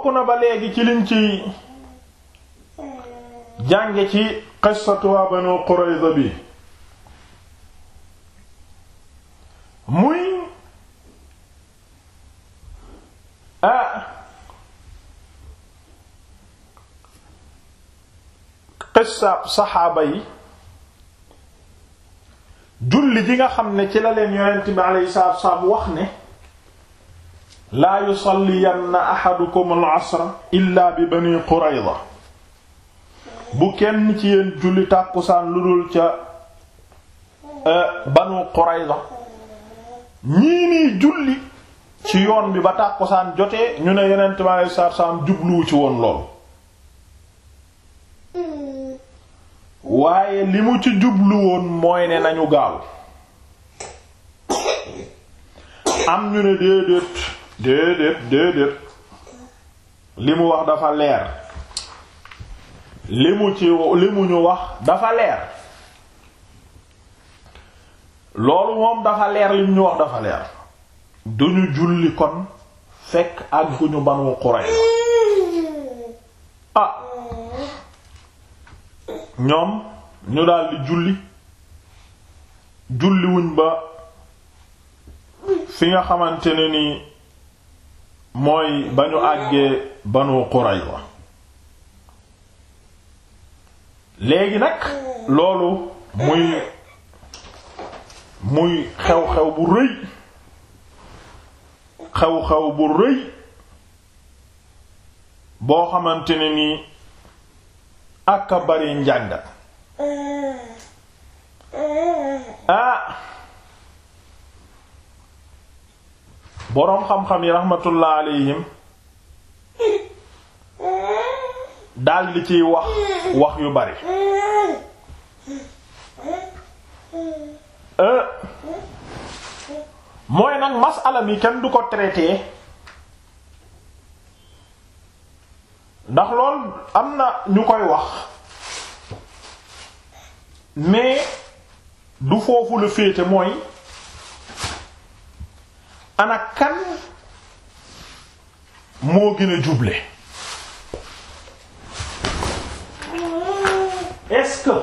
bokk na ba léegi ci liñ ci jànge ci qissatu waa Qurayza bi muy ah qissa saxaaba yi julli ji nga xam ne ci la leen yonent bi alayhi salaatu wax ne laa yusalliyanna ahadukum al-asra illaa bi bani qurayza bu kenn ci yéen julli tàkkusaan lu dul ca e, banu qurayza ñii nii julli ci yoon bi ba tàkkusaan jotee ñu ne yeneen mi alei satu jubluwu ci woon lool waaye li mu ci jubluwoon woon mooy ne nañu gaaw am ñu ne déedéet déedéet déedéet li mu wax dafa leer li mu ci li mu ñu wax dafa leer loolu moom dafa leer li mu ñu wax dafa leer du ñu julli kon fekk ak gu ñu Banu Qurayza ah ñoom ñu daldi julli julliwuñ ba fi nga xamante ne nii mooy ba ñu àggee banu Qurayza léegi nag loolu muy muy xew-xew bu rëy xew-xew bu rëy boo xamante ne nii ak a bari boroom xam-xam yi rahmatullah alayhim daal li ciy wax wax yu bari euh, mooy nag masala mi kenn du ko traité ndax lool am na ñu koy wax mais du foofu la féete mooy ana kan moo gën a juble est-ce que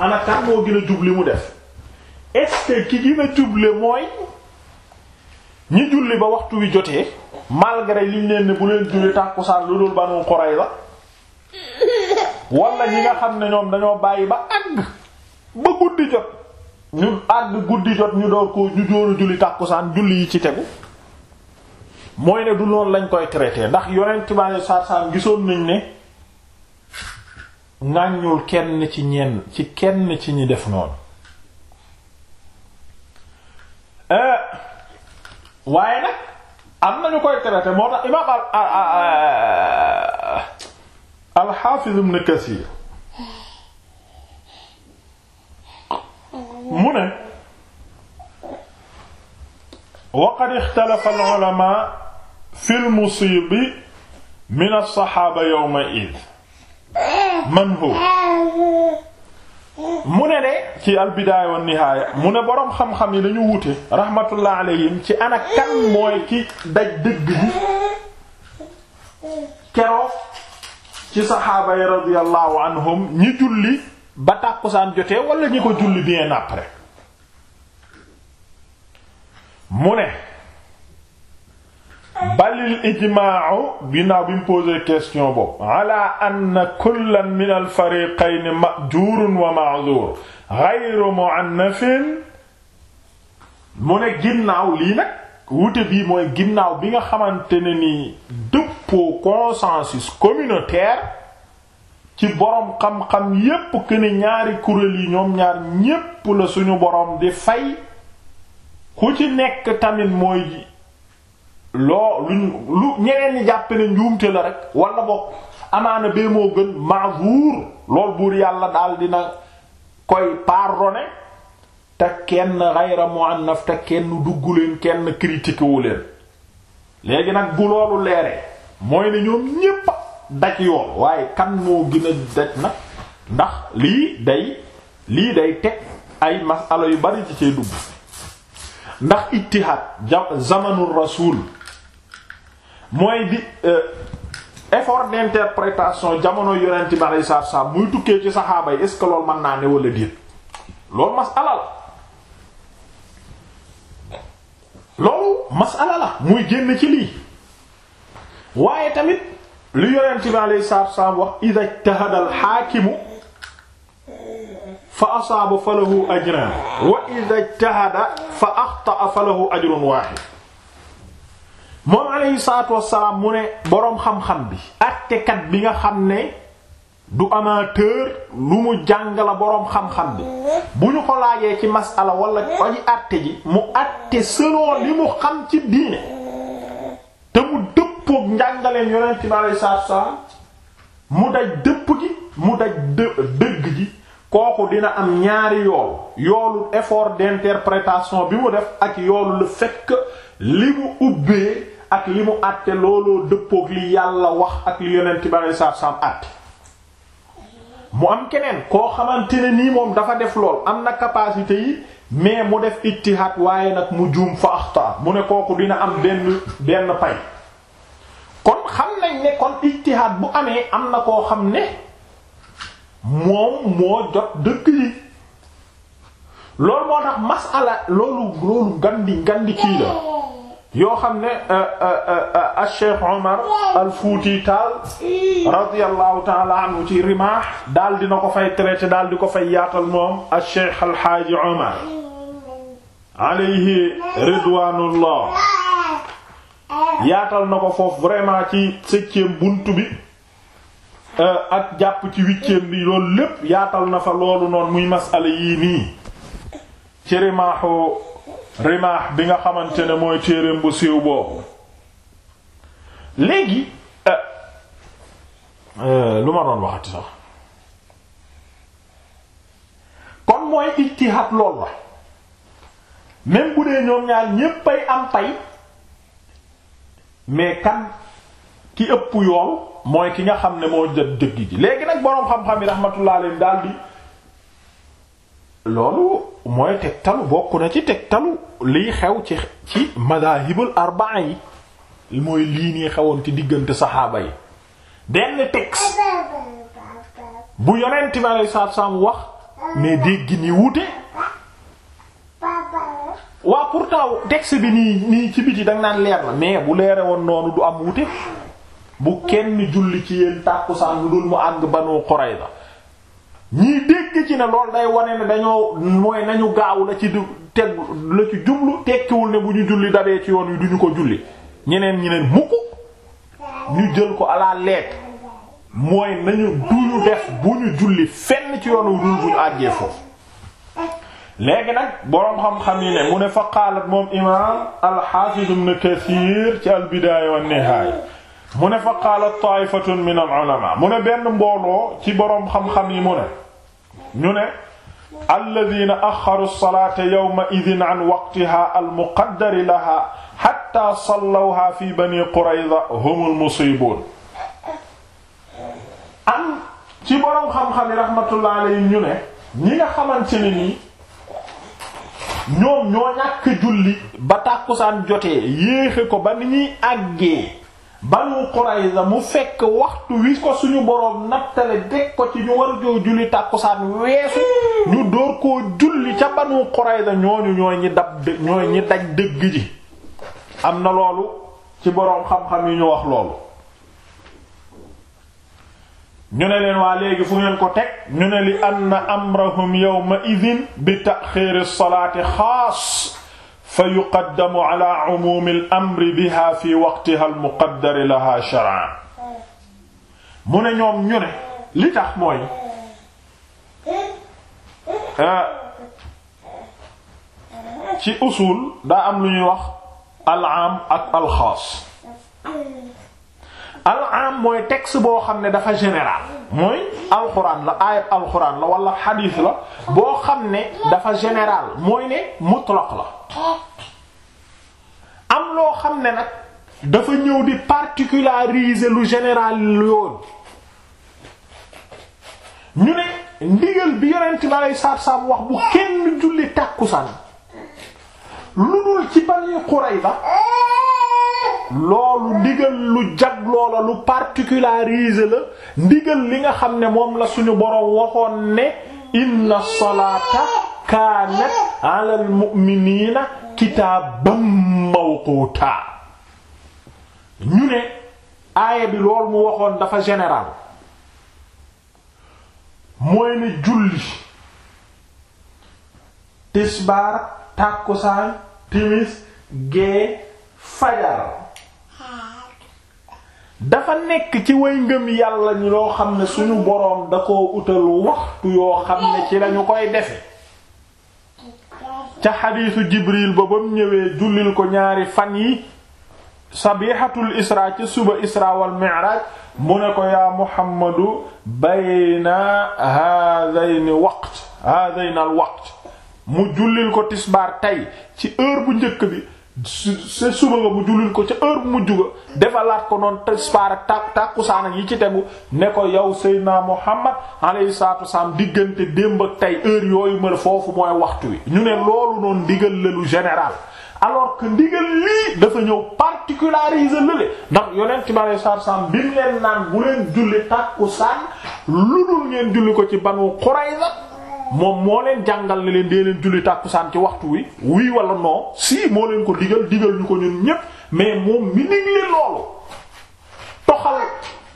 ana moo gën a jubli mu def est-ce que ki gën a juble mooy ñi julli ba waxtu wi jotee malgré liñ leen bu leen julli tàkkusaan lu dul Banu Qurayza wala ñi nga xam ne ñoom dañoo bàyyi ba àgg ba guddi jot ñu àgg guddi jot ñu door ko ñu dóoru julli tàkkusaan julli yi ci tegu mooy ne du noonu lañ koy traité ndax yonent bale saar-saam gisoon nañ ne ŋàññul kenn ci ñenn ci kenn ci ñi def noonu eh, waaye nag am nañu koy traité moo tax imaam al al al al al al al mu ne waqad ixtalafa al-ulamaa fi al-musiibi min as-saxaaba yawma'id man huwa mu ne de ci al-bidaaya wa nihaaya mu ne boroom xam-xam yi dañu wute rahmatullah alayhim ci ana kan mooy ki daj dëgg bi keroog ci saxaaba yi radiyallahu anhum ñi julli ba tàkkusaan jotee wala ñi ko julli bien après mu ne balil ijmaa'u binaaw bi mu posé question boobu ala anna kullan min al fariqayn ma'jurun wa ma'zur ghayru mu'annafin mu ne ginnaaw lii nag wute bii mooy ginnaaw bi nga xamante ne ni dëppoo consensus communautaire ci boroom xam-xam yépp que ñaari kuréel yi ñoom ñaar ñépp la suñu boroom di fay ku ci nekk tamit mooy ji loo lu lu ñi jàpp ne njuumte la rek wala bokk amaana bee moo gën maazuur lool buur yàlla daal dina koy pardonner te kenn ghayra te kenn dugg leen kenn critiqué leen léegi nag bu loolu leeree mooy ne ñoom ñépp daj yoon waaye kan moo gën a daj nag ndax lii day lii day teg ay masala yu bari ci cay dugg ndax ittihaad zamanu rasul mooy di euh, effort d'interprétation jamono yonent bi aleyhi salaatu muy tukkee ci saxaaba yi est-ce mën naa ne wala déet loolu masala la loolu masala la muy génn ci lii waaye tamit li yonent bi alayhi salaatu wa salaam wax idha ijtahada al fa asaaba fa lahu ajraan wa idha moom alayhi salaatu salaam mu ne boroom xam-xam bi àttekat bi nga xam ne du amateur lu mu jàng la boroom xam-xam bi bu ñu ko laajee ci masala wala aji àtte ji mu àtte selon li mu xam ci diine dëppook njàngaleem yonent bi aleyhi salaatu mu daj dëpp gi mu daj dë dëgg gi kooku dina am ñaari yool yoolu effort d'interprétation bi mu def ak yoolu le fait que li ak li mu àtte looloo dëppook li yàlla wax ak li yonent bi aleyhi salaatu am keneen koo xamante ne nii moom dafa def lool am na capacité yi mais mu def ittihaad waaye nag mu juum fa axta mu ne kooku dina am benn benn pay kon xam nañ ne kon ijtihaad bu amee am na koo xam ne moom moo jot dëkk yi loolu moo tax masala loolu loolu ngandi ngandi kii la yoo xam ne euh, euh, euh, Cheikh Omar al-Fouti Tall radiyallahu ta'ala anhu ci Rimah daal dina ko fay traité daal di ko fay yaatal moom Cheikh al Hadji Omar alayhi ridwanullah yaatal na ko foofu vraiment ci septième bunt bi euh, ak jàpp ci huitième bi loolu lépp yaatal na fa loolu noonu muy masala yii nii ci rimaaxu rimaax bi nga xamante ne mooy téereem bu siiw boobu léegi euh, euh, lu ma doon waxati sax kon mooy ijtihaad lool la même bu dee ñoom ñaar ñépp am pay mais kan ki ëpp yool mooy ki nga xam ne moo jot dëgg ji léegi nag boroom xam-xam yi rahmatullah alayhi daal loolu mooy tegtalu bokk na ci tegtalu liy xew ci ci madahibul arbaa yi mooy lii nii xewoon ci diggante saxaaba yi benn texte bu yonent bi alei saatu salaam wax mais dégg ni wuute waaw pourtant texte bi nii nii ci biti danga naan leer na mais bu leere woon noonu du am wute bu kenn julli ci yéen tàkkusaan lu dul mu àgg Banu Qurayza ñiy dégg ci ne loolu day wane ne dañoo mooy nañu gaaw la ci du teg la ci jublu tekkiwul ne bu ñu julli dabee ci yoon wi duñu ko julli ñeneen ñi mukk ñu jël ko à la lettre mooy nañu duñu def bu ñu julli fenn ci yoon wi dul bu ñu àggee foofu léegi nag boroom xam-xam yi ne mu ne fa qaalat moom imaam al-Hafiz ibn Kathir ci al-Bidaya wa an-Nihaya mu ne fa qaalat ta'ifatun min al-ulama mu ne benn mbooloo ci boroom xam-xam yi mu ne ñu ne alladhina axxaru as-salata yawma idhin an waqtiha al-muqaddari laha hatta sallawha fi bani Qurayza humul musibun am ci boroom xam-xam yi rahmatullahi alayhi ñu ne ñi nga xamante ne nii ñoom ñoo ñàkk julli ba tàkkusaan jotee yéexe ko ba ni ñuy àggee Banu Qurayza mu fekk waxtu wi ko suñu boroom nattale deg ko ci ñu war joo julli tàkkusaan weesu ñu door koo julli ca Banu Qurayza ñooñu ñooy ñi dab ñooy ñi daj dëgg ji am na loolu ci boroom xam-xam yi ñu wax loolu ñu ne leen waa léegi fu ngeen ko teg ñu ne li ann amrahum yawma idin bi taxiiri salaati xaas fa yuqaddamu ala umumi al amri biha fi waqtiha al muqaddari laha shar'an mu ne ñoom ñu ne li tax ah, ci usul daa am lu ñuy wax al aam ak al xaas al am mooy texte boo xam ne dafa général mooy alxuraan la ayat alxuraan la wala xadiis la boo xam ne dafa général mooy ne mutlaq la am loo xam ne nag dafa ñëw di particulariser lu général loolu ñu ne ndigal bi yonent bi aley saab wax bu kenn julli tàkkusaan lu dul ci Bani ba loolu ndigal lu jag loola lu particularisé la ndigal li nga xam ne moom la suñu boroom waxoon ne inna salaata kaanat alal mu'miniina kitaaban mawquuta ñu ne aaya bi loolu mu waxoon dafa général mooy ne julli tisbaar tàkkusaan timis gee fajar dafa nekk ci way ngëm yàlla ñi loo xam ne suñu boroom da koo utal waxtu yoo xam ne ci lañu koy defe ca xadiisu Jibril ba bam ñëwee jullil ko ñaari fan yi sabihatul isra ci suba isra wal mi'raj mu ne ko yaa Muhammadu bayna haadayn waqt haadayn al waqt mu jullil ko tisbaar tey ci heure bu njëkk bi sa suba nga bu julil ko ca heure bu mujj ga defalaat ko noonu tisbaar ak tàkk tàkkusaan ak yi ci tegu ne ko yow Seydina Muhammad alayhi salaatu wasalaam diggante démb ak tey heure yooyu ma foofu mooy waxtu wi ñu ne loolu noonu ndigal la lu général alors que ndigal lii dafa ñëw particularisé lële ndax yonent ci alayhi salaatu wasalaam bi mu leen naan bu leen julli tàkkusaan lu dul ngeen julli ko ci Banu Qurayza moom moo leen jàngal ne leen dee leen julli tàkkusaan ci waxtu wi wii wala non si moo leen ko digal digal ñu ko ñun ñépp mais moom mi digle loolu toxal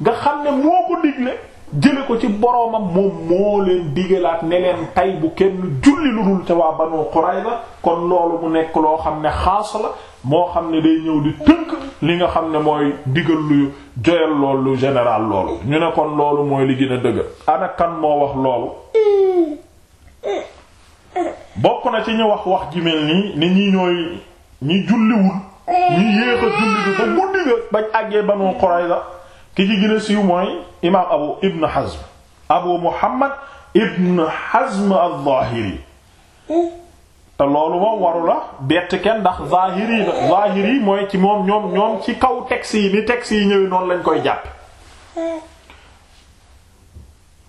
nga xam ne moo ko digle jële ko ci boroomam moom moo leen digalaat ne leen tay bu kenn julli lu dul te waa Banu Qurayza kon loolu mu nekk loo xam ne xaasal moo xam ne day ñëw di tëkk li nga xam ne mooy digal lu joyal loolu lu général loolu ñu ne kon loolu mooy li gën a dëgg ana moo wax loolu bokk na ci ñu wax wax ji mel nii ni ñi ñooy ñi julliwul ñi yéex a julli bi ba guddi nga bañ àggee Banu Qurayza ki ci gën a siiw mooy imaam Abu Ibn Hazm Abu Muhammad Ibn Hazm al-Zahiri te loolu moom waru la bett kenn ndax Zahiri la Zahiri mooy ci moom ñoom ñoom ci kaw texte yi ni texte yi ñëwee noonu lañ koy jàpp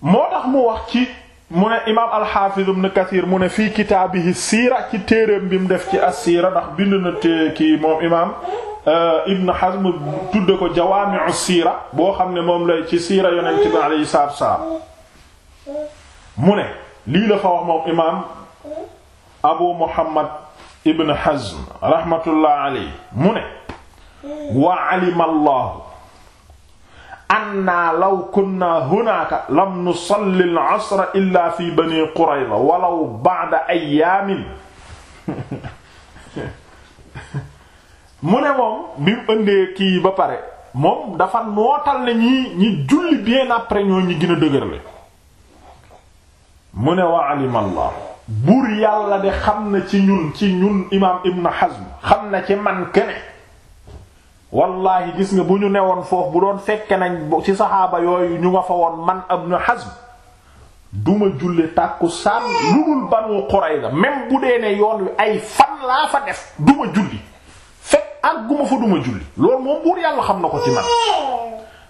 moo tax mu wax ci mu ne imaam alxaafiz ibn kathir mu ne fii kitaabihi siira ci téereem bi def ci assiira ndax bind na te kii moom imaam euh, ibn hazm tudde ko jawaami'u siira boo xam ne moom lay ci siira yonent bi alayhi salaatu wassalaam mu ne lii la fa wax moom imaam abu muhammad ibn hazm rahmatullah alayhi mu ne wa alima allahu anna law kunna hunaaka lam nu al-asra illa fi bani Qurayza walaw ba'da ayyaamin mu ne moom bi mu ëndee kii ba pare moom dafa nootal ne ñi ñi julli bien après ñoo ñi gën a mu ne wa alima buur yàlla de xam na ci ñun ci ñun imaam Ibn Hazm xam na ci man kene wallaahi gis nga bu ñu newoon foofu bu doon fekke nañ ci saxaaba yooyu ñu nga fa woon man Ibn Hazm duma julli tàkkusaan lu dul Banu Qurayza même bu dee ne yoon wi ay fan laa fa def duma julli fekk ak guma fa duma julli loolu moom buur yàlla xam na ko ci man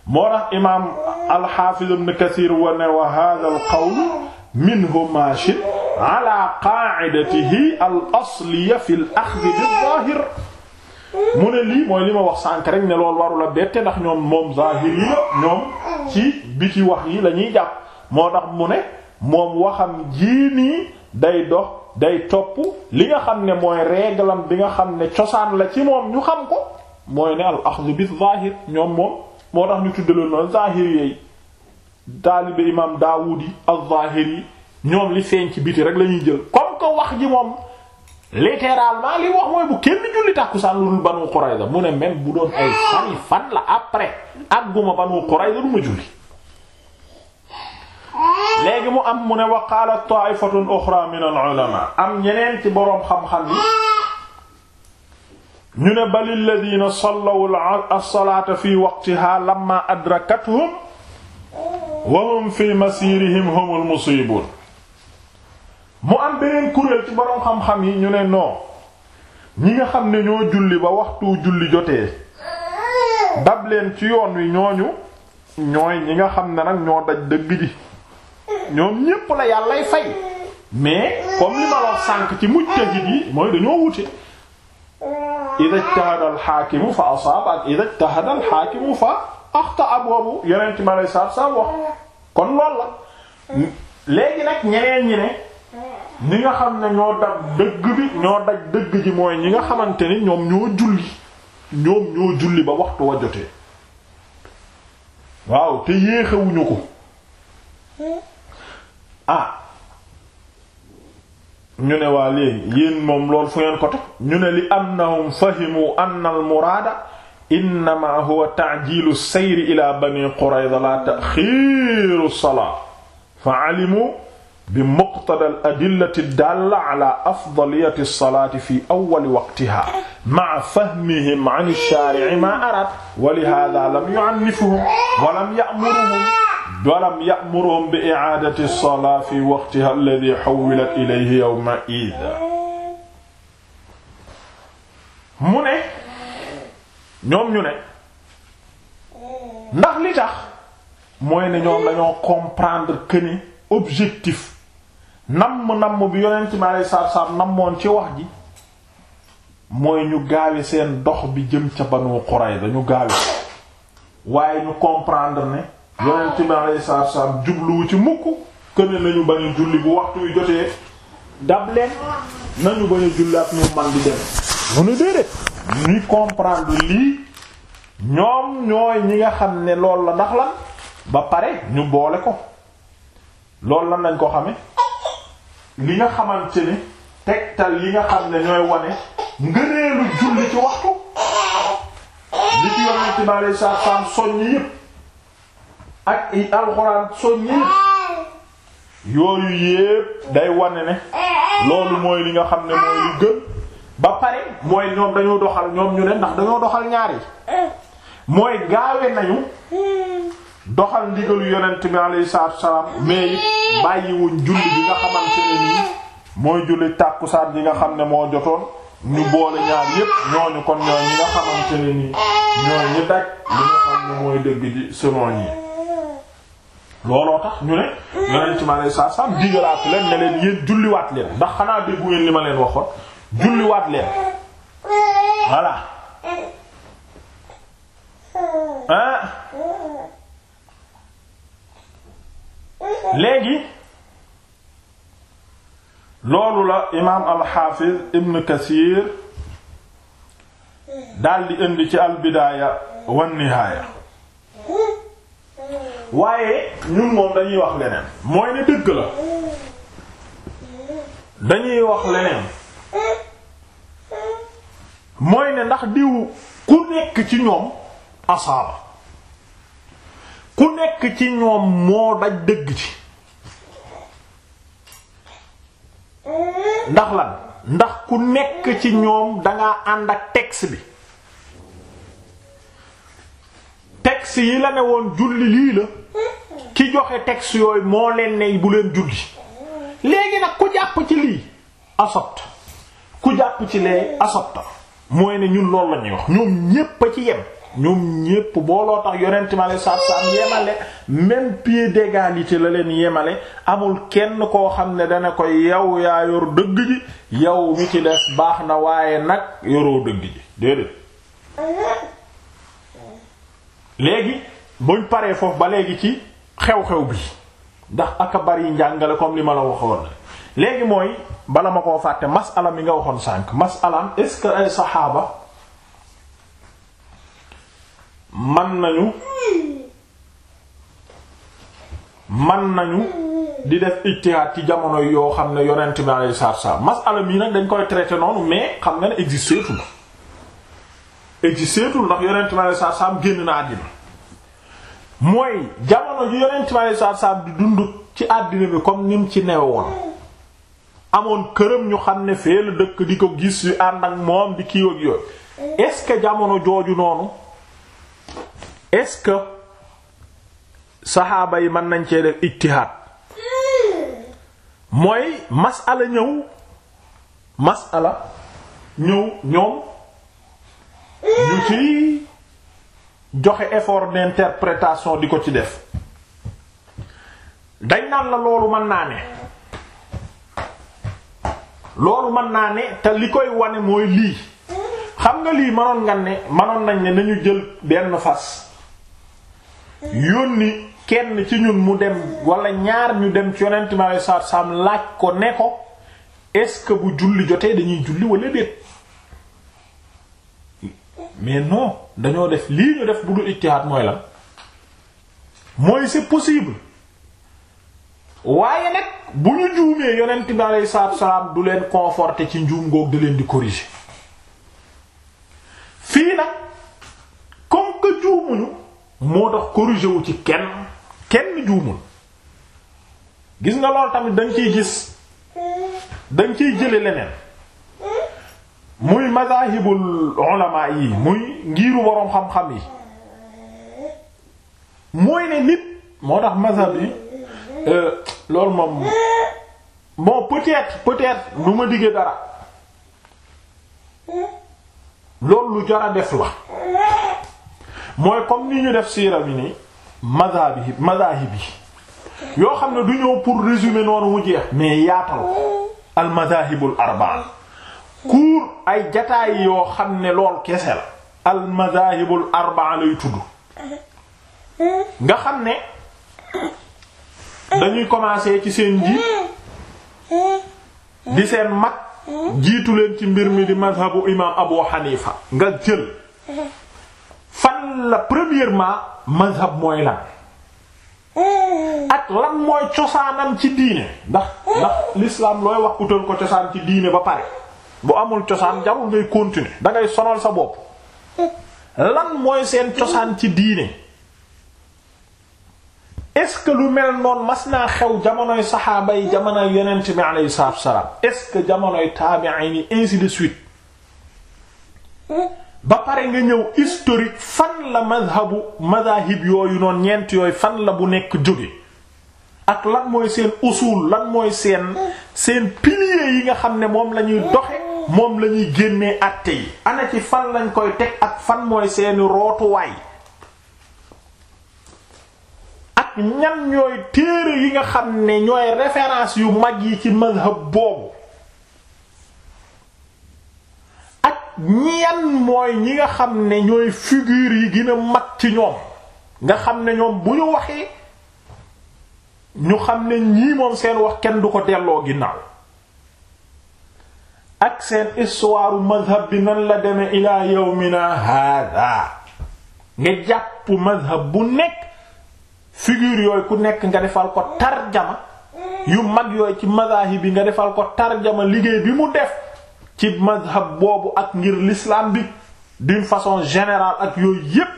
moo tax imaam al-Hafiz ibn Kathir wa ne wa hadha al-qawl minhu maashin ala qa'idatihi al-asliya fi al-akhdh bi-dhahir mu ne lii mooy li ma wax sànk rek ne loolu warula bette ndax ñoom moom zahiri la ñoom ci biti wax yi lañuy jàpp moo tax mu ne moom waxam jii nii day dox day topp li nga xam ne mooy réglam bi nga xam ne cosaan la ci moom ñu xam ko mooy ne al axdu bi zahir ñoom moom moo tax ñu tuddaloon noonu zahiri yi taalibe imam Daawud yi al zahiri yi ñoom li feeñ ci biti rek lañuy jël comme que wax ji moom littéralement li wax mooy bu kenn julli tàkkusaan lu dul Banu Qurayza mu ne même bu doon ay fan fan la après àgguma Banu Qurayza du ma julli léegi mu am mu ne wa qaala ta'ifatun ukhra min al-ulama am ñeneen ci boroom xam-xam yi ñu ne bal alladhina sallaw as-salata fi waqtiha lamma adrakathum wa hum fi masirihim humul musibun mu am beneen kuréel ci boroom xam-xam yi ñu ne non ñi nga xam ne ñoo julli ba waxtu julli jotee dab leen ci yoon wi ñooñu ñooy ñi nga xam ne nag ñoo daj dëgg ji ñoom ñépp la yàllay fay mais comme li ma la sànk ci mujtahid yi mooy dañoo wute idha ijtahada al-hakimu fa asaaba ak idha ijtahada al-hakimu fa axta'a boobu yeneen ci ma lay saab saab wax kon lool la léegi nag ñeneen ñi ne ñi nga xam ne ñoo daj dëgg bi ñoo daj dëgg ji mooy ñi nga xamante ni ñoom ñoo julli ñoom ñoo julli ba waxtu wa waaw te yéexewuñu ko ah ñu ne waa léegi yéen moom lool fu ngeen ko teg ñu ne li annahum fahimu anna al muraada innama huwa ta'jilu sayri ila bani qurayza la ta'xiru salaa fa alimu bi muqtada al adillati dalla ala afdaliyati lsalaati fi awali waqtiha maa fahmihim an lshaarici maa araad wa lihaada lam yuannifuhum walam yamuruhum walam yamuruhum bi icaadati lsalaa fi waqtiha alladi xawwilat ilayhi yowma id mu ne ñoom ñu ne ndax li tax mooy ne ñoom dañoo comprendre que ni objectif namm namm bi yonent mi aleyhi salaatu salaam ci wax ji mooy ñu gaawe seen dox bi jëm ca Banu Qurayza ñu gaawe waaye ñu comprendre ne yonent mi aleyhi salaatu jubluwu ci mukk këne nañu bañ a julli bu waxtu yu jotee dab nañu bañ a julli ak ñu man di dem mu ne déedéet ñuy comprendre lii ñoom ñooy ñi nga xam ne lool la ndax la ba pare ñu boole ko lool lan lañ ko xame li nga xamante ne tegtal yi nga xam ne ñooy wane ngëneelu julli ci waxtu li ci yonente bi alei soññ yëpp ak alxuraan soññ yëpp yooyu yëpp day wane ne loolu mooy li nga xam ne mooy lu gën ba pare mooy ñoom dañoo doxal ñoom ñu ne ndax dañoo doxal ñaar yi mooy gaawe nañu doxal ndigalu yonent bi alayhi salaatu wasalaam mais it bàyyiwuñ julli bi nga xamante ne nii mooy julli tàkkusaan yi nga xam ne moo jotoon ñu boole ñaar yépp ñooñu kon ñooy ñi nga xamante ne nii ñooy ñi daj li nga xam ne mooy dëgg ji selon looloo tax ñu ne yonent bi alayhi salaatu wasalaam digalaat leen ne leen yéen leen ndax xanaa déggu ngeen li ma leen waxoon julliwaat leen voilà ah léegi loolu la imaam alxaafiz ibn kasiir daldi indi ci albidaaya wan nihaaya waaye ñun moom dañuy wax leneen mooy ne dëgg la dañuy wax leneen mooy ne ndax diw ku nekk ci ñoom asaaba ku nekk ci ñoom moo daj dëgg ci ndax la ndax ku nekk ci ñoom dangaa ànd ak texte bi texte yi la ne woon julli lii la ki joxe texte yooyu moo leen ne bu leen julli léegi nag ku jàpp ci lii asopt ku jàpp ci lee asopta mooy ne ñun loolu la wax ñoom ñépp a ci yem ñoom ñépp booloo tax yonent mi alei saatu salaam yemale même yi ci la leen yemale amul kenn koo xam ne dana ko yow yaa yor dëgg ji yow mi ci des baax na waaye nag yoroo dëgg ji déedéet léegi buñ paree foofu ba léegi ci xew-xew bi ndax aka bari njàngale comme li ma la waxoon léegi mooy bala ma koo fàtte masala mi nga waxoon sànq masalaam est-ce que ay saxaaba man nañu man nañu di def ijtihaad ci jamono yoo xam ne yonent bi alayhi salaatu salaam masala mii nag dañ koy traité noonu mais xam nga ne existeetul existeetul ndax yonent bi alayhi salaatu salaam génn na àddina mooy jamono ji yonent bi alayhi salaatu salaam di dund ci àddina bi comme ni mu ci newe woon amoon këram ñu xam ne fee la dëkk di ko gis ànd ak moom di kii ak yooyu est-ce que jamono jooju noonu est-ce que saxaaba yi mën nañ cee def ijtihaad mooy masala ñëw masala ñëw ñoom ñu ci joxe effort d'interprétation di ko ci def dañ naan la loolu mën naa ne loolu mën naa ne te li koy wane mooy lii xam nga lii mënoon nga ne mënoon nañ ne nañu jël benn fas yónni kenn ci ñun mu dem walla ñaar ñu dem ci yonent mi alei satu salaam laaj ko ne ko est-ce que bu julli jotee dañuy julli walla déet mais non dañoo def lii ñu def bu dul ijtihaad mooy la mooy c'est possible waaye nag bu ñu juumee yonent bi aleyhi salaam du leen conforter ci njuum goog da leen di corriger fii nag comme que juumuñu moo tax corrigé wu ci kenn kenn juumul gis nga loolu tamit dañ ciy gis dañ ciy jële leneen muy mazahibul ulama yi muy ngiiru boroom xam-xam yi mooy ne nit moo tax mazhab yi euh, loolu moom bon peut-être nu ma diggee dara loolu lu jar a def la mooy comme ni ñu def siira bi nii madhab bi yi yoo xam ne du ñëw pour résumer noonu mu jeex mais yaatal al madahibul arbaa kuur ay jataay yoo xam ne lool kese la al madahibul arbaa lay tudd nga xam ne dañuy commencer ci seen njiit di seen mag jiitu leen ci mbir mi di madhabu imam Abu Hanifa nga jël la premièrement mazhab mooy lan mmh. ak lan mooy cosaanam ci diine ndax mmh. ndax l'islam looy wax utal ko cosaan ci diine ba pare bu amul cosaan jarul ngay continuer dangay ngay sonal sa bopp mmh. lan mooy seen cosaan ci diine est-ce que lu mel noonu mas naa xew jamonoy saxaaba yi jamonoy yonent bi alayhi salaam est-ce que jamonoy taabi'iin yi ainsi de suite ba pare nga ñëw historique fan la madhabu madahib yooyu noonu ñeent yooyu fan la bu nekk jóge ak lan mooy seen usul lan mooy seen seen piliers yi nga xam ne moom lañuy ñuy doxe moom lañuy ñuy génnee àtte yi ana ci fan lañ koy teg ak fan mooy seeni rootuwaay ak ñan ñooy téere yi nga xam ne ñooy référence yu mag yi ci madhab boobu ñan mooy ñi nga xam ne ñooy figure yi gën a mag ci ñoom nga xam ne ñoom bu ñu waxee ñu xam ne ñii moom seen wax kenn du ko delloo ginnaaw ak seen histoire mazhab bi nan la deme ila yawmina hada nga jàpp mazhab bu nekk figure yooyu ku nekk nga defal ko tarjama yu mag yooyu ci mazahib bi nga defal ko tarjama liggéey bi mu def ci mazhab boobu ak ngir l'islam bi d'une façon générale ak yooyu yépp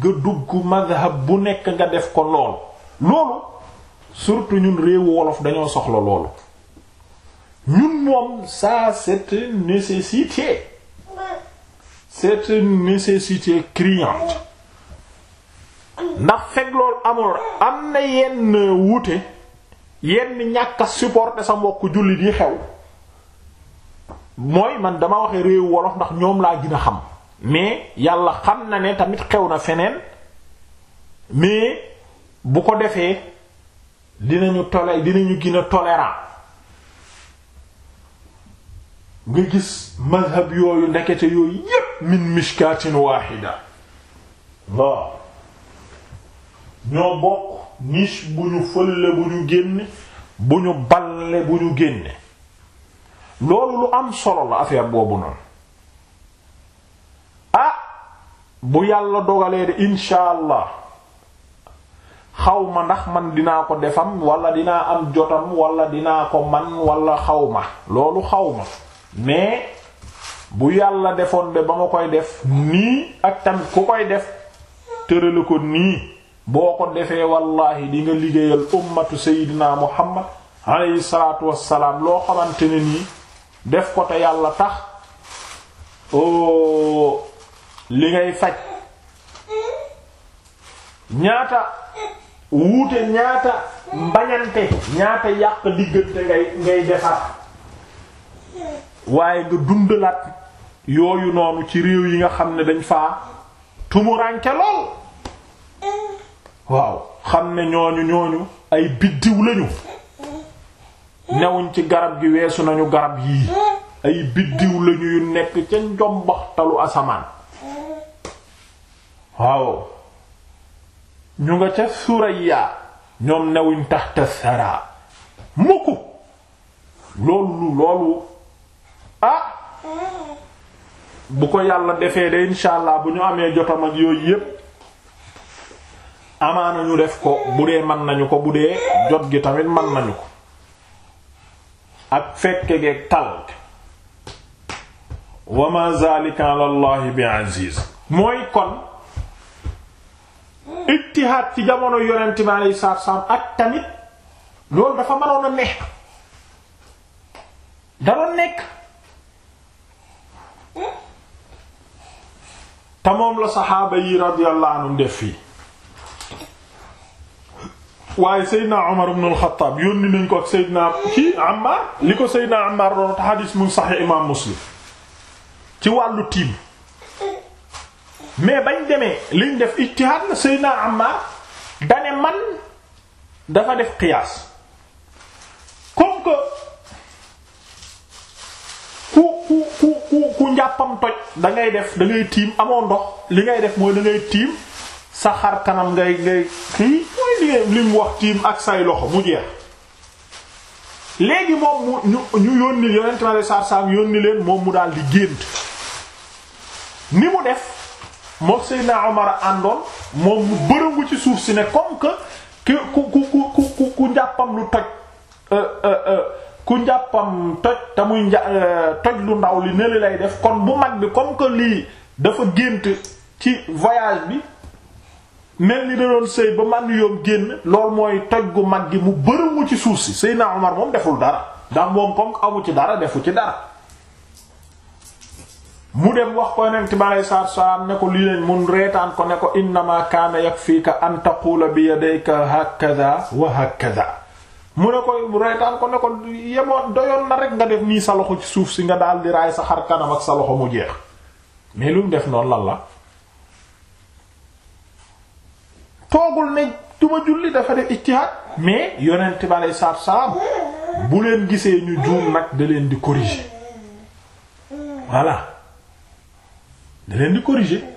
nga dugg mazhab bu nekk nga def ko loolu loolu surtout ñun réewu wolof dañoo soxla loolu ñun moom sa c'est une nécessité c'est une ndax fekk loolu am na yenn wuute yenn ñàkk a supporter sa mbokk jullit yi xew mooy man dama waxe réew wolof ndax ñoom laa gin a xam mais yàlla xam na ne tamit xew na feneen mais bu ko defee dinañu tolé dinañu gën a tolérant nga gis mazhab yooyu ndekete yooyu yépp min mishkatin wahida waaw ñoo bokk niche bu ñu fëlle bu ñu génn bu ñu balle bu ñu génne loolu lu am solo la affaire boobu noonu ah bu yàlla dogalee de insha allah xaw ma ndax man dinaa ko defam walla dinaa am jotam walla dinaa ko man walla xaw ma loolu xaw ma mais bu yàlla defoon de ba ma koy def nii ak tamit ku koy def tërali ko nii boo ko defee wallahi di nga liggéeyal ummatu seydina muhammad alayhi salaatu wassalaam loo xamante ne nii def ko te yàlla tax o oh, li ngay faj ñaata wuute ñaata mbañante ñaata yàq diggante ngay ngay defar waaye nga dundalaat yooyu noonu ci réew yi nga xam ne dañ faa tumuranke lool waaw xam ne ñooñu ñooñu ay biddiw lañu newuñ ci garab gi weesu nañu garab yii ay biddiw lañu yu nekk ca njombaxtalu asamaan waaw ñu nga ca suraya ñoom newuñ taxta sara mukku loolu loolu ah bu ko yàlla defee de insha bu ñu amee jotam ak yooyu yépp amaana ñu def ko bu dee mën nañu ko bu dee jot gi tamit mën nañu ko ak fekke geeg tal wa ma zalika ala bi aziz mooy kon ittihaad ci jamono yonent bi alayhi salaatu wasalaam ak tamit loolu dafa mënoon a ne da nekk te moom la saxaaba yi radiyallahu anhum def fii waaye Seydina Omar ibn al yónni nañ ko ak Seydina kii Ammar li ko Seydina Ammar doon xadis mu sax imaam Muslim ci wàllu tiim mais bañ demee liñ def ijtihaad la Seydina Ammar dane man dafa def qiyaas comme que ku ku ku ku ku njàppam toj da ngay def da ngay tiim amoo ndox li ngay def mooy da ngay tiim sa xar kanam ngay ngay li ngeen wax tiim ak say loxo mu jeex léegi moom mu ñu ñu yónni yonent ma lay saar yónni leen moom mu daal di gént ni mu def moom Seydina Omar àndoon moom mu bërëngu ci suuf si ne comme que ku ku ku ku ku njàppam lu toj euh, euh, euh, ku njàppam toj te muy nja toj lu ndaw li ne li lay def kon bu mag bi comme que lii dafa gént ci voyage bi mel ni da sëy ba man yoom génn loolu mooy toj gu mag gi mu bërëmu ci suuf si Seydina Omar moom deful dara ndax moom comme amu ci dara defu ci dara mu dem wax ko yonent bi aleyhi salaatu ne ko lii leen mun reetaan ko ne ko innama kaana yakfiika an taqula bi yadayka hakada wa hakada mu ne ko reetaan ko ne ko yemoon doyoon na rek nga def nii sa loxo ci suuf si nga daal di raay sa xar kanam ak sa loxo mu jeex mais lu mu def noonu lan la toogul ne duma julli dafa def ijtihaad mais yonent bi aleyhi salaatu salaam bu leen gisee ñu juum nag da leen di corriger voilà da di corriger